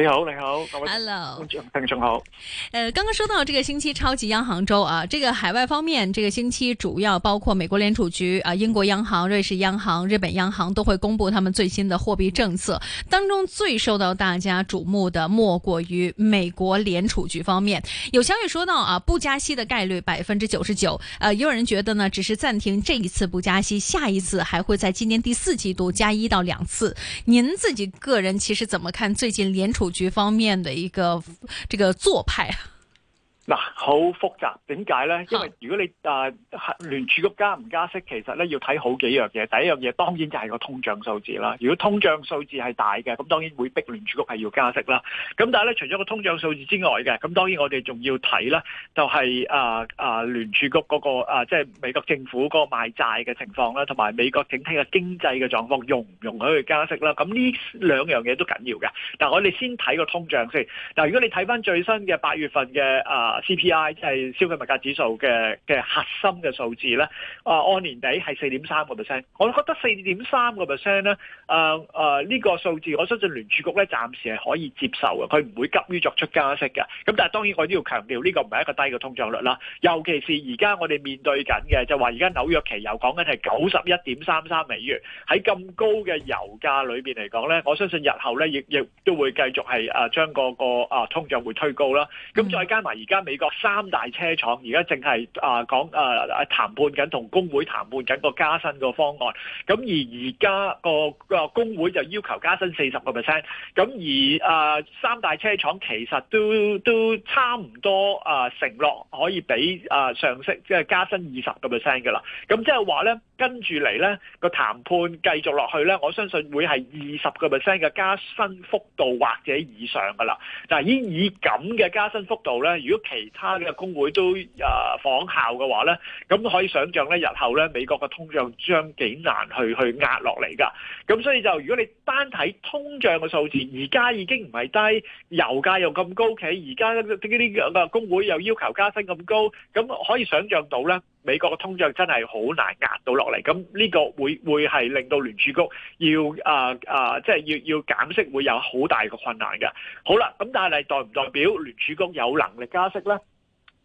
你好，你好，Hello，各位聽眾好。呃，剛剛說到這個星期超級央行周啊，這個海外方面，這個星期主要包括美國聯儲局啊、呃、英國央行、瑞士央行、日本央行都會公布他們最新的貨幣政策。當中最受到大家矚目的莫過於美國聯儲局方面，有消息說到啊，不加息的概率百分之九十九。呃，也有人覺得呢，只是暫停這一次不加息，下一次還會在今年第四季度加一到兩次。您自己個人其實怎麼看最近聯儲儲局方面的一個這個做派。嗱，好、啊、複雜，點解咧？因為如果你啊聯儲局加唔加息，其實咧要睇好幾樣嘢。第一樣嘢當然就係個通脹數字啦。如果通脹數字係大嘅，咁當然會逼聯儲局係要加息啦。咁但係咧，除咗個通脹數字之外嘅，咁當然我哋仲要睇咧，就係、是、啊啊聯儲局嗰、那個啊，即、就、係、是、美國政府嗰個賣債嘅情況啦，同埋美國整體嘅經濟嘅狀況容唔容許佢加息啦。咁呢兩樣嘢都緊要嘅。但係我哋先睇個通脹先。嗱，如果你睇翻最新嘅八月份嘅啊。CPI 即係消費物價指數嘅、嘅核心嘅數字咧，啊按年底係四點三個 percent，我覺得四點三個 percent 咧，啊啊呢個數字我相信聯儲局咧暫時係可以接受嘅，佢唔會急於作出加息嘅。咁但係當然我都要強調呢個唔係一個低嘅通脹率啦，尤其是而家我哋面對緊嘅就話而家紐約期油講緊係九十一點三三美元，喺咁高嘅油價裏邊嚟講咧，我相信日後咧亦亦都會繼續係啊將個個啊通脹會推高啦。咁再加埋而家。美國三大車廠而家正係啊講啊談判緊同工會談判緊個加薪個方案，咁而而家個個工會就要求加薪四十個 percent，咁而啊三大車廠其實都都差唔多啊承諾可以俾啊上升即係加薪二十個 percent 嘅啦，咁即係話咧跟住嚟咧個談判繼續落去咧，我相信會係二十個 percent 嘅加薪幅度或者以上嘅啦。嗱，以以咁嘅加薪幅度咧，如果其他嘅工會都啊仿效嘅話咧，咁可以想象咧，日後咧美國嘅通脹將幾難去去壓落嚟㗎。咁所以就，如果你單睇通脹嘅數字，而家已經唔係低，油價又咁高企，而家啲啲嘅工會又要求加薪咁高，咁可以想象到呢。美國嘅通脹真係好難壓到落嚟，咁呢個會會係令到聯儲局要啊啊，即、呃、係、呃就係、要要減息會有好大個困難嘅。好啦，咁但係代唔代表聯儲局有能力加息咧？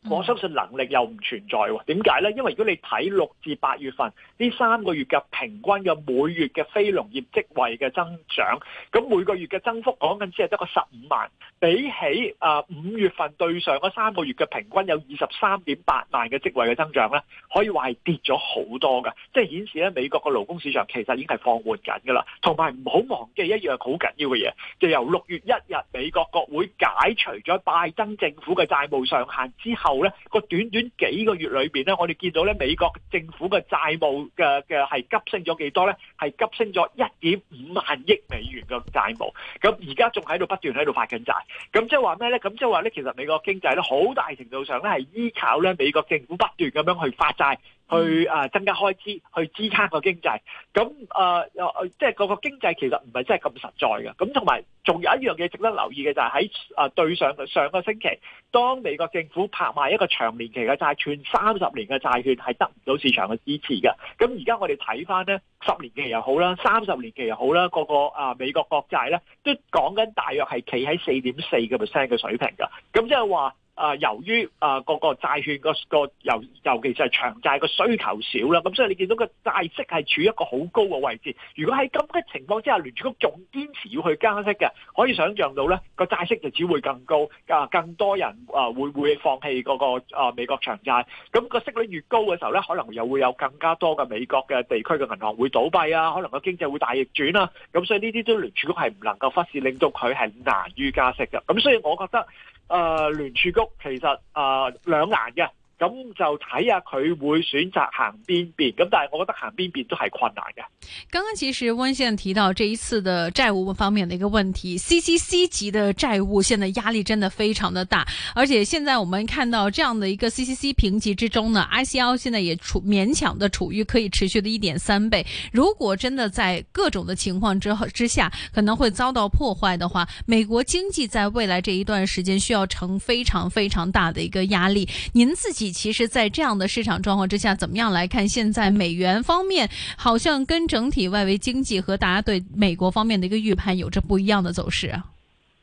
我相信能力又唔存在，點解咧？因為如果你睇六至八月份呢三個月嘅平均嘅每月嘅非農業職位嘅增長，咁每個月嘅增幅講緊只係得個十五萬，比起啊五月份對上嗰三個月嘅平均有二十三點八萬嘅職位嘅增長咧，可以話係跌咗好多噶，即係顯示咧美國嘅勞工市場其實已經係放緩緊㗎啦。同埋唔好忘記一樣好緊要嘅嘢，就由六月一日美國國會解除咗拜登政府嘅債務上限之後。咧個短短幾個月裏邊咧，我哋見到咧美國政府嘅債務嘅嘅係急升咗幾多咧？係急升咗一點五萬億美元嘅債務。咁而家仲喺度不斷喺度發緊債。咁即係話咩咧？咁即係話咧，其實美國經濟咧好大程度上咧係依靠咧美國政府不斷咁樣去發債。嗯、去啊增加開支，去支撐個經濟。咁啊又即係個個經濟其實唔係真係咁實在嘅。咁同埋仲有一樣嘢值得留意嘅就係喺啊對上，上個上星期，當美國政府拍賣一個長年期嘅債券，三十年嘅債券係得唔到市場嘅支持嘅。咁而家我哋睇翻咧，十年期又好啦，三十年期又好啦，個個啊、呃、美國國債咧都講緊大約係企喺四點四個 percent 嘅水平㗎。咁即係話。啊，由於啊個個債券個個尤其是係長債個需求少啦，咁所以你見到個債息係處於一個好高嘅位置。如果喺咁嘅情況之下，聯儲局仲堅持要去加息嘅，可以想象到咧個債息就只會更高。啊，更多人啊會會放棄個個美國長債。咁個息率越高嘅時候咧，可能又會有更加多嘅美國嘅地區嘅銀行會倒閉啊，可能個經濟會大逆轉啊。咁所以呢啲都聯儲局係唔能夠忽視，令到佢係難於加息嘅。咁所以我覺得。呃聯儲局其實呃兩難嘅。咁就睇下佢會選擇行邊邊，咁但係我覺得行邊邊都係困難嘅。剛剛其實溫先生提到這一次的債務方面的一個問題，CCC 級的債務現在壓力真的非常的大，而且現在我們看到這樣的一個 CCC 評級之中呢，ICL 現在也處勉強的處於可以持續的一點三倍。如果真的在各種的情況之後之下，可能會遭到破壞的話，美國經濟在未來這一段時間需要承非常非常大的一個壓力。您自己。其實，在這樣的市場狀況之下，怎麼樣來看？現在美元方面好像跟整體外圍經濟和大家對美國方面的一個預判有着不一樣的走勢啊。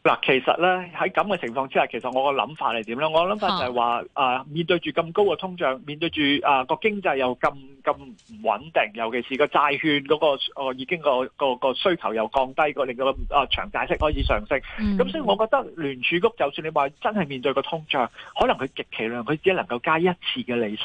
嗱，其實咧，喺咁嘅情況之下，其實我個諗法係點咧？我諗法就係話，啊面對住咁高嘅通脹，面對住啊個經濟又咁咁唔穩定，尤其是個債券嗰、個、啊、已經個個個需求又降低，個令到啊長債息開始上升。咁所以我覺得聯儲局就算你話真係面對個通脹，可能佢極其量佢只能夠加一次嘅利息，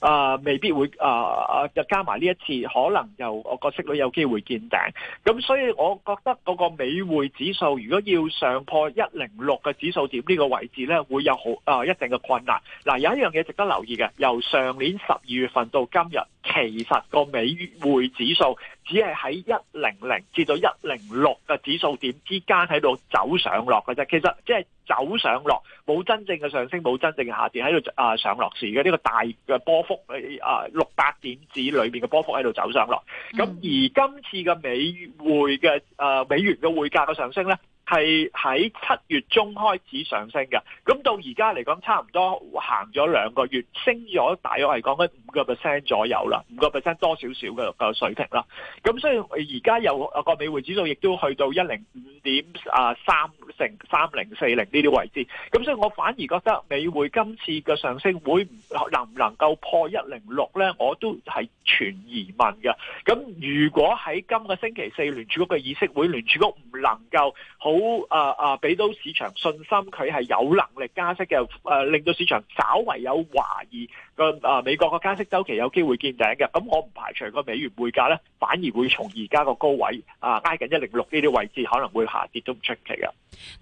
啊未必會啊啊又加埋呢一次，可能又我個息率有機會見頂。咁所以我覺得嗰個美匯指數如果要上，破一零六嘅指數點呢個位置呢會有好啊、呃、一定嘅困難。嗱、啊，有一樣嘢值得留意嘅，由上年十二月份到今日，其實個美匯指數只係喺一零零至到一零六嘅指數點之間喺度走上落嘅啫。其實即係走上落，冇真正嘅上升，冇真正嘅下跌，喺度啊上落市嘅呢個大嘅波幅啊六百點子裏面嘅波幅喺度走上落。咁而今次嘅美匯嘅誒美元嘅匯價嘅上升呢。係喺七月中開始上升嘅，咁到而家嚟講，差唔多行咗兩個月，升咗大約係講緊個 percent 左右啦，五個 percent 多少少嘅個水平啦。咁所以而家又啊，美匯指數亦都去到一零五點啊三成三零四零呢啲位置。咁所以我反而覺得美匯今次嘅上升會能唔能夠破一零六咧，我都係存疑問嘅。咁如果喺今個星期四聯儲局嘅議息會，聯儲局唔能夠好啊啊俾到市場信心，佢係有能力加息嘅，誒、呃、令到市場稍為有懷疑個啊、呃、美國個加息周期有機會見頂嘅，咁我唔排除個美元匯價呢，反而會從而家個高位啊挨緊一零六呢啲位置可能會下跌都唔出奇嘅。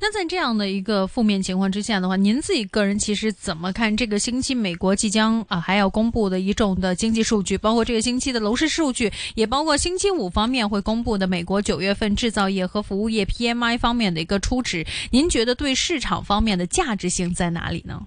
那在這樣的一個負面情況之下的話，您自己個人其實怎麼看這個星期美國即將啊還要公布的一眾的經濟數據，包括這個星期的樓市數據，也包括星期五方面會公布的美國九月份製造業和服務業 PMI 方面的一個初值？您覺得對市場方面的價值性在哪裏呢？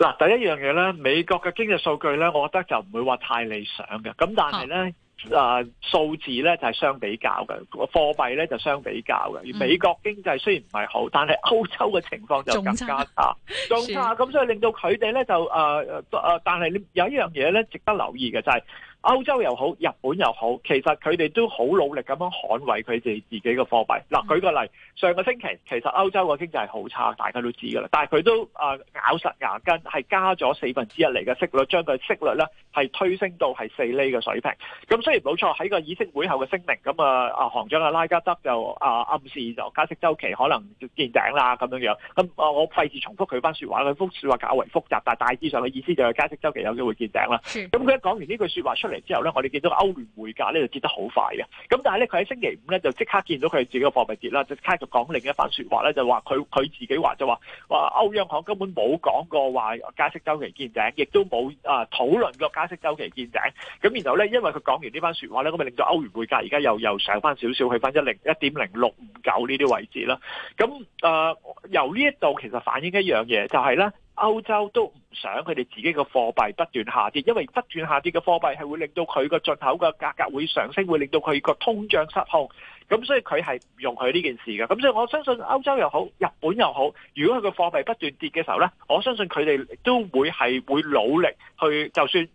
嗱，第一樣嘢咧，美國嘅經濟數據咧，我覺得就唔會話太理想嘅。咁但係咧，啊數字咧就係、是、相比較嘅，貨幣咧就相比較嘅。而美國經濟雖然唔係好，但係歐洲嘅情況就更加差，仲差。咁所以令到佢哋咧就誒誒、呃呃，但係有一樣嘢咧值得留意嘅就係、是。歐洲又好，日本又好，其實佢哋都好努力咁樣捍衞佢哋自己嘅貨幣。嗱、嗯，舉個例，上個星期其實歐洲嘅經濟係好差，大家都知噶啦。但係佢都啊、呃、咬實牙根，係加咗四分之一嚟嘅息率，將佢息率咧係推升到係四厘嘅水平。咁雖然冇錯喺個議息會後嘅聲明，咁啊啊行長阿拉加德就啊暗示就加息週期可能見頂啦咁樣樣。咁啊我費事重複佢番説話，佢幅説話較為複雜，但係大致上嘅意思就係加息週期有機會見頂啦。咁佢是一講完呢句説話出嚟之後咧，我哋見到歐聯匯價咧就跌得好快嘅，咁但係咧佢喺星期五咧就即刻見到佢自己個貨幣跌啦，就即刻講另一番説話咧，就話佢佢自己話就話話歐央行根本冇講過話加息週期見頂，亦都冇啊討論過加息週期見頂。咁然後咧，因為佢講完番說呢番説話咧，咁咪令到歐元匯價而家又又上翻少少，去翻一零一點零六五九呢啲位置啦。咁誒、呃、由呢一度其實反映一樣嘢，就係咧。歐洲都唔想佢哋自己嘅貨幣不斷下跌，因為不斷下跌嘅貨幣係會令到佢個進口嘅價格會上升，會令到佢個通脹失控。咁所以佢係唔容許呢件事嘅。咁所以我相信歐洲又好，日本又好，如果佢個貨幣不斷跌嘅時候呢，我相信佢哋都會係會努力去，就算，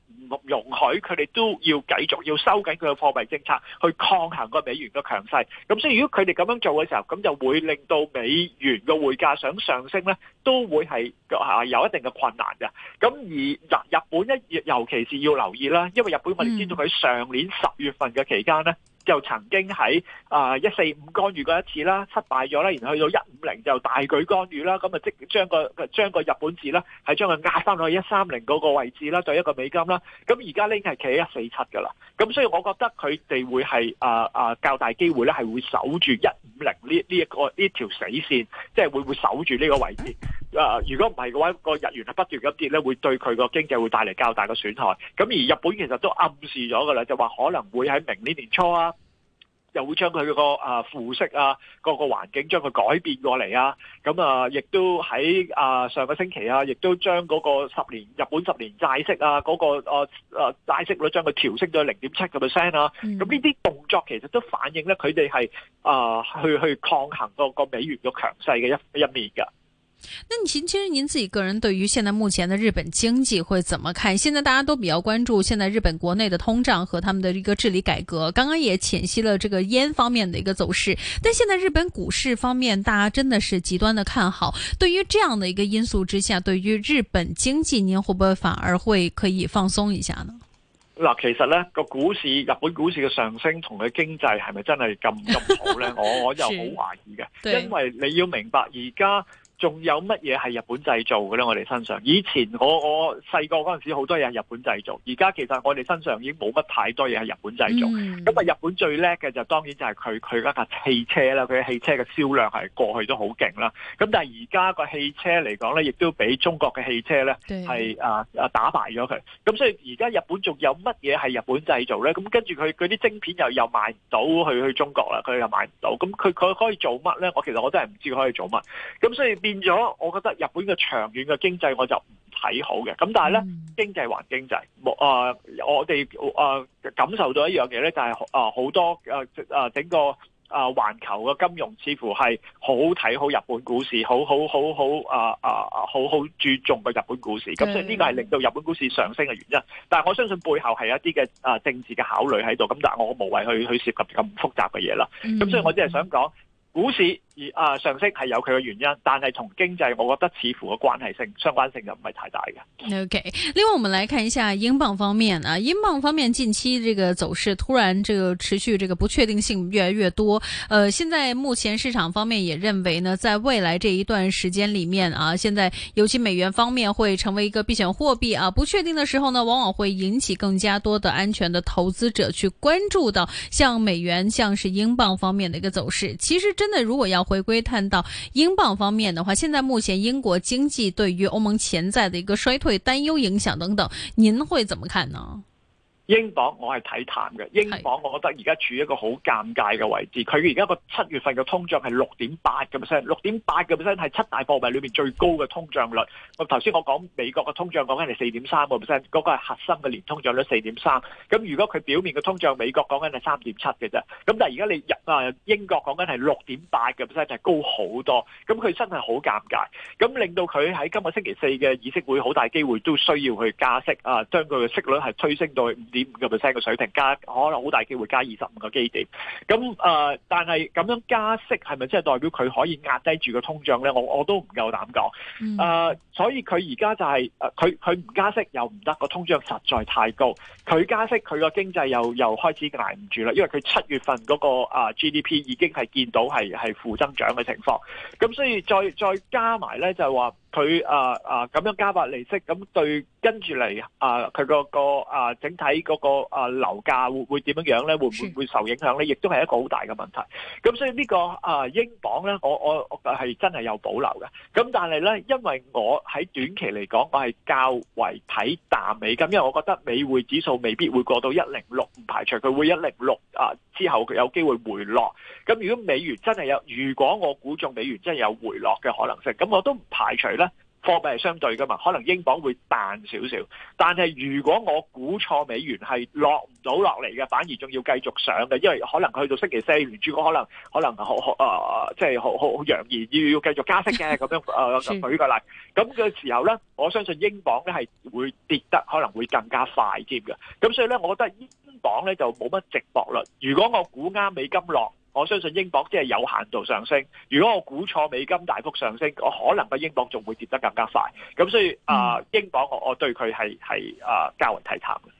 容許佢哋都要繼續要收緊佢嘅貨幣政策，去抗衡個美元嘅強勢。咁所以如果佢哋咁樣做嘅時候，咁就會令到美元嘅匯價想上升咧，都會係啊有一定嘅困難嘅。咁而日日本一樣，尤其是要留意啦，因為日本我哋知道佢上年十月份嘅期間咧，就曾經喺啊一四五干預過一次啦，失敗咗啦，然後去到一五零就大舉干預啦，咁啊即將個將個日本字啦，係將佢壓翻落去一三零嗰個位置啦，就一個美金啦。咁而家呢，已經係企喺一四七㗎啦，咁所以我覺得佢哋會係、呃、啊啊較大機會咧係會守住一五零呢呢一個呢條死線，即係會會守住呢個位置。啊、呃，如果唔係嘅話，個日元係不斷咁跌咧，會對佢個經濟會帶嚟較大嘅損害。咁而日本其實都暗示咗㗎啦，就話可能會喺明年年初啊。又會將佢個啊負息啊，嗰個環境將佢改變過嚟啊，咁啊，亦都喺啊上個星期啊，亦都將嗰個十年日本十年債息啊，嗰個啊啊債息率將佢調升到零點七個 percent 啊。咁呢啲動作其實都反映咧，佢哋係啊去去抗衡個個美元嘅強勢嘅一一面㗎。那你其實，您自己個人對於現在目前的日本經濟會怎麼看？現在大家都比較關注現在日本國內的通脹和他們的一個治理改革。剛剛也淺析了這個煙方面的一個走勢，但現在日本股市方面，大家真的是極端的看好。對於這樣的一個因素之下，對於日本經濟，您會不會反而會可以放鬆一下呢？其實呢個股市，日本股市嘅上升同佢經濟係咪真係咁咁好呢？我我又好懷疑嘅，因為你要明白而家。現在仲有乜嘢係日本製造嘅咧？我哋身上，以前我我細個嗰陣時好多嘢係日本製造，而家其實我哋身上已經冇乜太多嘢係日本製造。咁啊、嗯，日本最叻嘅就當然就係佢佢嗰架汽車啦，佢嘅汽車嘅銷量係過去都好勁啦。咁但係而家個汽車嚟講咧，亦都畀中國嘅汽車咧係對啊打敗咗佢。咁所以而家日本仲有乜嘢係日本製造咧？咁跟住佢嗰啲晶片又又賣唔到去去中國啦，佢又賣唔到。咁佢佢可以做乜咧？我其實我都係唔知佢可以做乜。咁所以。變咗，我覺得日本嘅長遠嘅經濟我就唔睇好嘅。咁但係咧，嗯、經濟還經濟冇我哋啊、呃、感受到一樣嘢咧，就係啊好多誒誒、呃、整個啊環球嘅金融似乎係好睇好，好日本股市，好好好好啊啊、呃、好好注重嘅日本股市。咁所以呢個係令到日本股市上升嘅原因。但係我相信背後係一啲嘅政治嘅考慮喺度。咁但係我無謂去去涉及咁複雜嘅嘢啦。咁、嗯、所以我只係想講股市。而啊，上升係有佢嘅原因，但係同經濟，我覺得似乎嘅關係性、相關性就唔係太大嘅。OK，另外我們來看一下英鎊方面啊，英鎊方面近期這個走勢突然這個持續這個不確定性越來越多。呃，現在目前市場方面也認為呢，在未來這一段時間裏面啊，現在尤其美元方面會成為一個避險貨幣啊。不確定的時候呢，往往會引起更加多的安全的投資者去關注到，像美元、像是英鎊方面嘅一個走勢。其實真的如果要回歸探到英鎊方面的話，現在目前英國經濟對於歐盟潛在的一個衰退擔憂影響等等，您會怎麼看呢？英鎊我係睇淡嘅，英鎊我覺得而家處於一個好尷尬嘅位置。佢而家個七月份嘅通脹係六點八嘅 percent，六點八嘅 percent 係七大貨幣裏面最高嘅通脹率。才我頭先我講美國嘅通脹講緊係四點三個 percent，嗰個係核心嘅年通脹率四點三。咁如果佢表面嘅通脹美國講緊係三點七嘅啫，咁但係而家你啊英國講緊係六點八嘅 percent，係高好多。咁佢真係好尷尬，咁令到佢喺今個星期四嘅議息會好大機會都需要去加息啊，將佢嘅息率係推升到點五個 percent 嘅水平加，可能好大機會加二十五個基點。咁誒、呃，但係咁樣加息係咪即係代表佢可以壓低住個通脹咧？我我都唔夠膽講。誒、呃，所以佢而家就係、是、誒，佢佢唔加息又唔得，個通脹實在太高。佢加息，佢個經濟又又開始捱唔住啦。因為佢七月份嗰個啊 GDP 已經係見到係係負增長嘅情況。咁所以再再加埋咧，就係話。佢啊啊咁樣加發利息，咁對跟住嚟啊，佢個個啊整體嗰個啊樓價會會點樣樣咧？會唔會受影響咧？亦都係一個好大嘅問題。咁所以呢個啊英鎊咧，我我係真係有保留嘅。咁但係咧，因為我喺短期嚟講，我係較為睇淡美金，因為我覺得美匯指數未必會過到一零六，唔排除佢會一零六啊之後佢有機會回落。咁如果美元真係有，如果我估中美元真係有回落嘅可能性，咁我都唔排除咧。貨幣係相對噶嘛，可能英鎊會彈少少，但係如果我估錯美元係落唔到落嚟嘅，反而仲要繼續上嘅，因為可能去到星期四聯儲局可能可能好好啊，即係好好揚言要要繼續加息嘅咁樣啊，舉個例，咁嘅時候咧，我相信英鎊咧係會跌得可能會更加快添嘅，咁所以咧，我覺得英鎊咧就冇乜值博啦。如果我估啱美金落。我相信英鎊即係有限度上升。如果我估錯美金大幅上升，我可能個英鎊仲會跌得更加快。咁所以，嗯、啊，英鎊我我對佢係係啊較為睇淡。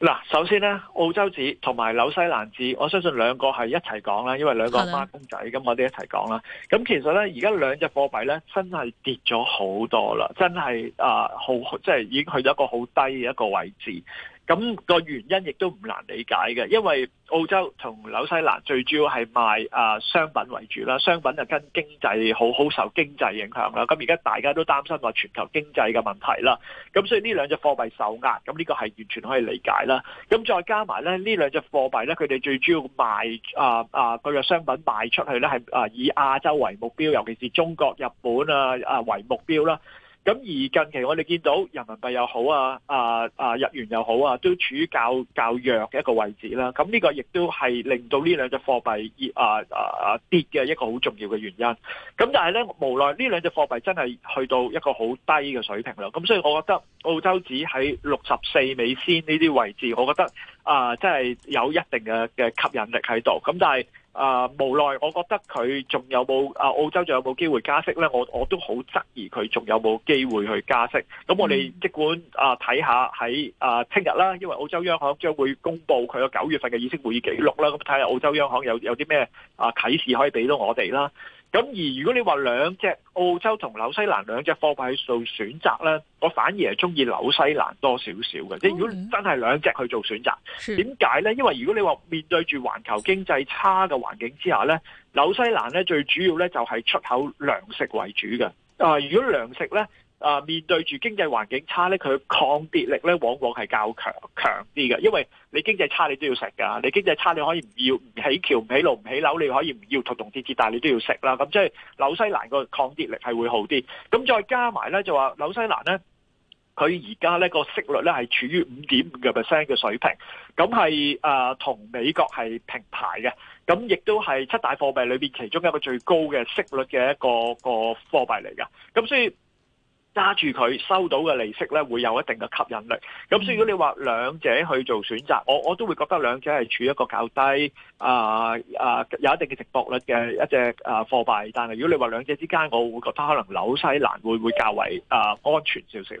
嗱，首先咧，澳洲紙同埋紐西蘭紙，我相信兩個係一齊講啦，因為兩個孖公仔，咁的我哋一齊講啦。咁其實咧，而家兩隻貨幣咧，真係跌咗好多啦，真係啊，好即係已經去咗一個好低嘅一個位置。咁個原因亦都唔難理解嘅，因為澳洲同紐西蘭最主要係賣啊商品為主啦，商品就跟經濟好好受經濟影響啦。咁而家大家都擔心話全球經濟嘅問題啦，咁所以呢兩隻貨幣受壓，咁呢個係完全可以理解啦。咁再加埋咧，呢兩隻貨幣咧，佢哋最主要賣啊啊嗰個商品賣出去咧，係啊以亞洲為目標，尤其是中國、日本啊啊為目標啦。咁而近期我哋見到人民幣又好啊啊啊日元又好啊，都處於較較弱嘅一個位置啦。咁呢個亦都係令到呢兩隻貨幣熱啊啊啊跌嘅一個好重要嘅原因。咁但係咧，無奈呢兩隻貨幣真係去到一個好低嘅水平啦。咁所以我覺得澳洲紙喺六十四美仙呢啲位置，我覺得啊，真係有一定嘅嘅吸引力喺度。咁但係，啊，無奈，我覺得佢仲有冇啊？澳洲仲有冇機會加息呢？我我都好質疑佢仲有冇機會去加息。咁我哋即管啊睇下喺啊聽日啦，因為澳洲央行將會公布佢嘅九月份嘅議息會議記錄啦。咁睇下澳洲央行有有啲咩啊啓示可以俾到我哋啦。咁而如果你話兩隻澳洲同紐西蘭兩隻貨幣去做選擇呢，我反而係中意紐西蘭多少少嘅。即如果真係兩隻去做選擇，點解呢？因為如果你話面對住環球經濟差嘅環境之下呢，紐西蘭呢最主要呢就係出口糧食為主嘅。啊，如果糧食呢。啊！面對住經濟環境差咧，佢抗跌力咧往往係較強強啲嘅，因為你經濟差你都要食噶，你經濟差你可以唔要唔起橋、唔起路、唔起樓，你可以唔要銅銅鐵鐵，但係你都要食啦。咁即係紐西蘭個抗跌力係會好啲。咁再加埋咧就話紐西蘭咧，佢而家咧個息率咧係處於五點五嘅 percent 嘅水平，咁係啊，同美國係平排嘅，咁亦都係七大貨幣裏面其中一個最高嘅息率嘅一個個貨幣嚟嘅。咁所以。揸住佢收到嘅利息呢，會有一定嘅吸引力。咁，所以如果你話兩者去做選擇，我我都會覺得兩者係處一個較低啊啊、呃呃、有一定嘅值博率嘅一隻啊貨幣。但係如果你話兩者之間，我會覺得可能紐西蘭會會較為啊、呃、安全少少。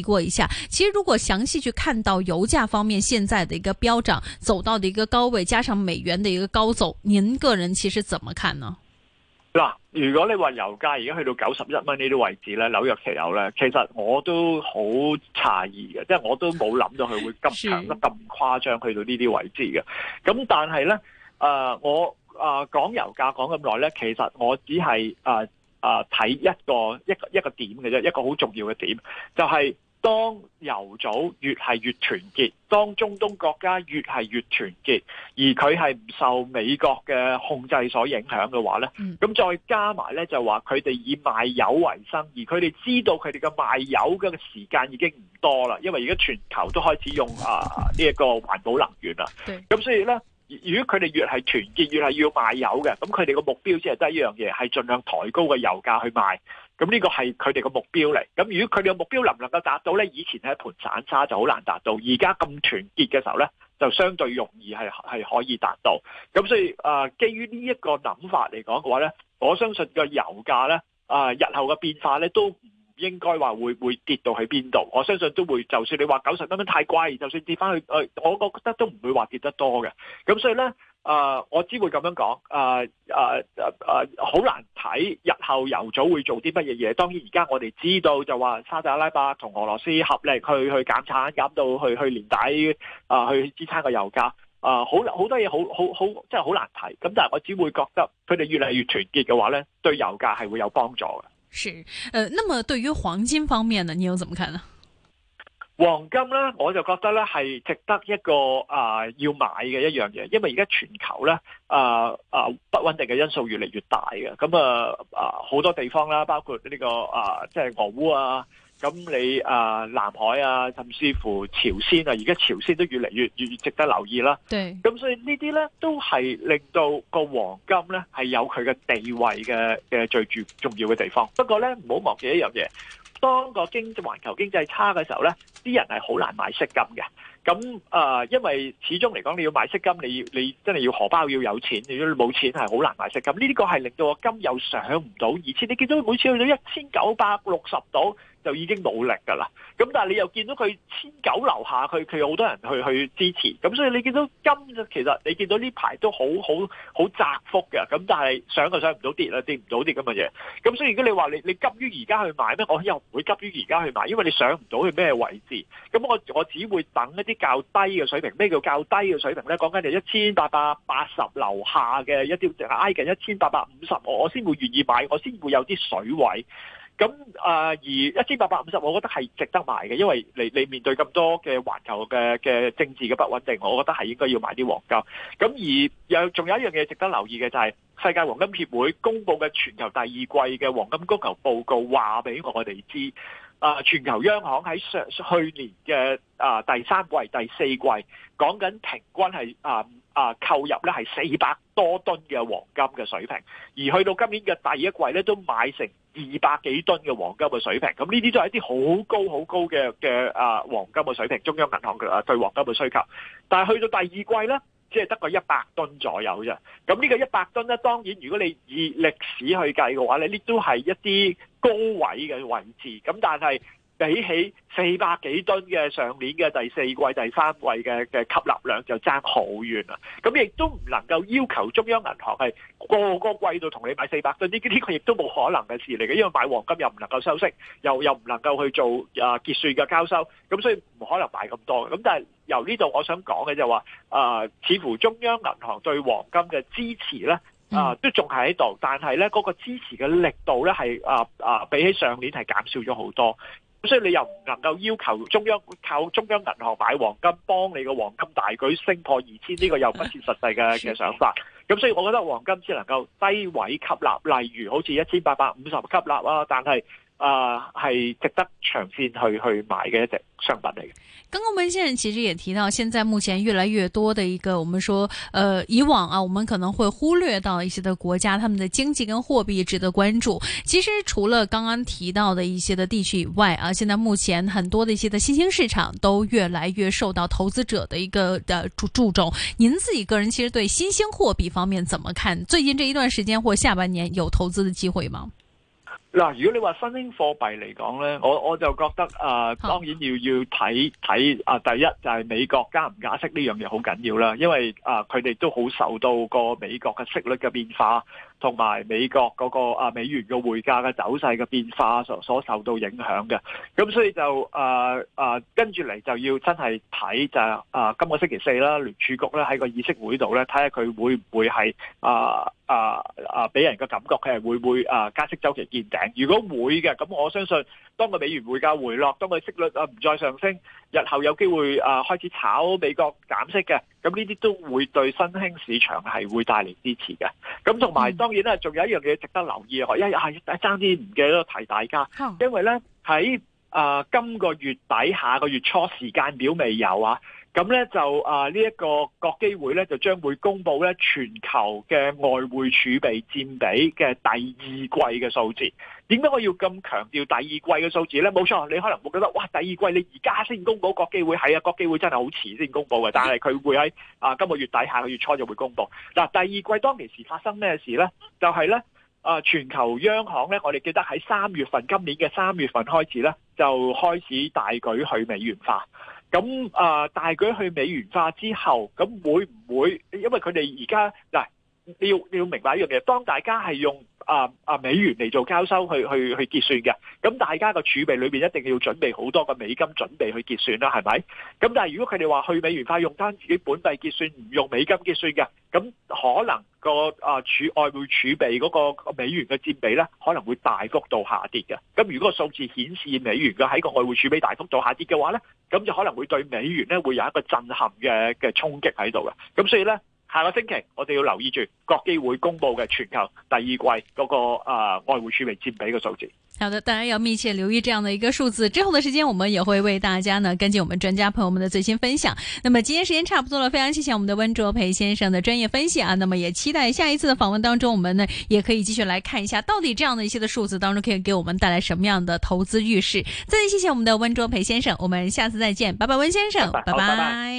過一下，其實如果詳細去看到油價方面現在的一個飆漲，走到的一個高位，加上美元的一個高走，您個人其實怎麼看呢？嗱，如果你話油價而家去到九十一蚊呢啲位置咧，紐約期油咧，其實我都好詫異嘅，即係我都冇諗到佢會咁強得咁誇張，去到呢啲位置嘅。咁但係咧，誒、呃、我誒、呃、講油價講咁耐咧，其實我只係誒誒睇一個一個一個點嘅啫，一個好重要嘅點就係、是。當油組越係越團結，當中東國家越係越團結，而佢係唔受美國嘅控制所影響嘅話呢咁、嗯、再加埋呢，就話佢哋以賣油為生，而佢哋知道佢哋嘅賣油嘅時間已經唔多啦，因為而家全球都開始用啊呢一個環保能源啦。咁對所以呢，如果佢哋越係團結，越係要賣油嘅，咁佢哋個目標只係得一樣嘢，係盡量抬高個油價去賣。咁呢個係佢哋個目標嚟，咁如果佢哋個目標能唔能夠達到呢？以前係一盤散沙就好難達到，而家咁團結嘅時候呢，就相對容易係係可以達到。咁所以啊、呃，基於呢一個諗法嚟講嘅話呢，我相信個油價呢，啊、呃，日後嘅變化呢，都唔應該話會會跌到喺邊度。我相信都會，就算你話九十蚊蚊太貴，就算跌翻去、呃，我覺得都唔會話跌得多嘅。咁所以呢。啊！Uh, 我只會咁樣講，啊啊啊好難睇，日後油組會做啲乜嘢嘢？當然而家我哋知道就話，沙特阿拉伯同俄羅斯合力去去減產，減到去去年底啊去支撐個油價啊、uh，好多好多嘢好好好，真係好難睇。咁但係我只會覺得，佢哋越嚟越團結嘅話咧，對油價係會有幫助嘅。是，呃，那麼對於黃金方面呢，你又怎麼看呢？黃金咧，我就覺得咧係值得一個啊要買嘅一樣嘢，因為而家全球咧啊啊不穩定嘅因素越嚟越大嘅，咁啊啊好多地方啦，包括呢個啊即係俄烏啊，咁你啊南海啊，甚至乎朝鮮啊，而家朝鮮都越嚟越越值得留意啦。對，咁所以呢啲咧都係令到個黃金咧係有佢嘅地位嘅嘅最重要嘅地方。不過咧唔好忘記一樣嘢，當個經環球經濟差嘅時候咧。啲人係好難買實金嘅，咁啊、呃，因為始終嚟講你要買實金，你要你真係要荷包要有錢，你冇錢係好難買實金。呢、這、啲個係令到個金又上唔到，而且你見到每次去到一千九百六十度。就已經努力㗎啦，咁但係你又見到佢千九樓下，佢佢有好多人去去支持，咁所以你見到金其實你見到呢排都好好好窄幅嘅，咁但係上就上唔到跌啦，跌唔到啲咁嘅嘢，咁所以如果你話你你急於而家去買咩？我又唔會急於而家去買，因為你上唔到去咩位置，咁我我只會等一啲較低嘅水平。咩叫較低嘅水平咧？講緊就一千八百八十樓下嘅一啲，淨係挨近一千八百五十，我我先會願意買，我先會有啲水位。咁啊，而一千八百五十，我覺得係值得買嘅，因為你你面對咁多嘅環球嘅嘅政治嘅不穩定，我覺得係應該要買啲黃金。咁而有仲有一樣嘢值得留意嘅就係、是、世界黃金協會公布嘅全球第二季嘅黃金供求報告，話俾我哋知啊，全球央行喺上去年嘅啊第三季第四季講緊平均係啊。啊！購入咧係四百多噸嘅黃金嘅水平，而去到今年嘅第一季咧都買成二百幾噸嘅黃金嘅水平。咁呢啲都係一啲好高好高嘅嘅啊黃金嘅水平，中央銀行嘅、啊、對黃金嘅需求。但係去到第二季咧，只係得個一百噸左右啫。咁呢個一百噸咧，當然如果你以歷史去計嘅話咧，呢都係一啲高位嘅位置。咁但係，比起四百幾噸嘅上年嘅第四季、第三季嘅嘅吸納量就爭好遠啦。咁亦都唔能夠要求中央銀行係個個季度同你買四百噸，呢、呢、呢個亦都冇可能嘅事嚟嘅。因為買黃金又唔能夠收息，又又唔能夠去做啊結算嘅交收，咁所以唔可能買咁多。咁但係由呢度我想講嘅就話啊，似乎中央銀行對黃金嘅支持咧啊、呃，都仲係喺度，但係咧嗰個支持嘅力度咧係啊啊，比起上年係減少咗好多。咁所以你又唔能夠要求中央靠中央銀行買黃金幫你個黃金大舉升破二千，呢個又不切實際嘅嘅想法。咁所以我覺得黃金只能夠低位吸納，例如好似一千八百五十吸納啊，但係。啊，係值得長線去去買嘅一隻商品嚟嘅。剛剛溫先生其實也提到，現在目前越來越多的一個，我們說，呃，以往啊，我們可能會忽略到一些的國家，他們的經濟跟貨幣值得關注。其實除了剛剛提到的一些的地區以外，啊，現在目前很多的一些的新興市場都越來越受到投資者的一個的注注重。您自己個人其實對新興貨幣方面怎麼看？最近這一段時間或下半年有投資的機會嗎？嗱，如果你話新興貨幣嚟講咧，我我就覺得啊，當然要要睇睇啊，第一就係美國加唔加息呢樣嘢好緊要啦，因為啊，佢哋都好受到個美國嘅息率嘅變化。同埋美國嗰個啊美元嘅匯價嘅走勢嘅變化所受到影響嘅，咁所以就啊啊跟住嚟就要真係睇，就係啊今個星期四啦，聯儲局咧喺個議息會度咧，睇下佢會唔會係啊啊啊俾人嘅感覺佢係會唔會啊加息周期見頂？如果會嘅，咁我相信當個美元匯價回落，當個息率啊唔再上升。日後有機會啊，開始炒美國減息嘅，咁呢啲都會對新興市場係會帶嚟支持嘅。咁同埋當然咧，仲有一樣嘢值得留意，我一係爭啲唔記得提大家，因為咧喺啊今個月底下個月初時間表未有啊，咁咧就啊呢一個國基會咧就將會公佈咧全球嘅外匯儲備佔比嘅第二季嘅數字。點解我要咁強調第二季嘅數字呢？冇錯，你可能會覺得哇，第二季你而家先公佈國基會係啊，國基會真係好遲先公佈嘅。但係佢會喺啊今個月底下、下個月初就會公佈。嗱、啊，第二季當其時發生咩事呢？就係、是、呢、啊，全球央行呢，我哋記得喺三月份，今年嘅三月份開始呢，就開始大舉去美元化。咁、啊、大舉去美元化之後，咁會唔會？因為佢哋而家嗱，你要你要明白一樣嘢，當大家係用。啊啊美元嚟做交收去去去結算嘅，咁大家個儲備裏邊一定要準備好多個美金準備去結算啦，係咪？咁但係如果佢哋話去美元化，用翻自己本幣結算，唔用美金結算嘅，咁可能個啊儲外匯儲備嗰個美元嘅佔比咧，可能會大幅度下跌嘅。咁如果個數字顯示美元嘅喺個外匯儲備大幅度下跌嘅話咧，咁就可能會對美元咧會有一個震撼嘅嘅衝擊喺度嘅。咁所以咧。下個星期我哋要留意住國基會公布嘅全球第二季嗰、那個、呃、外匯儲備佔比嘅數字。好的，當然要密切留意這樣的一個數字。之後嘅時間，我們也會為大家呢跟進我們專家朋友們嘅最新分享。那麼今天時間差不多了，非常謝謝我們的溫灼培先生的專業分析啊。那麼也期待下一次嘅訪問當中，我們呢也可以繼續來看一下到底這樣的一些的數字當中，可以給我們帶來什麼樣的投資預示。再次謝謝我們的溫灼培先生，我們下次再見，拜拜，溫先生，拜拜。拜拜。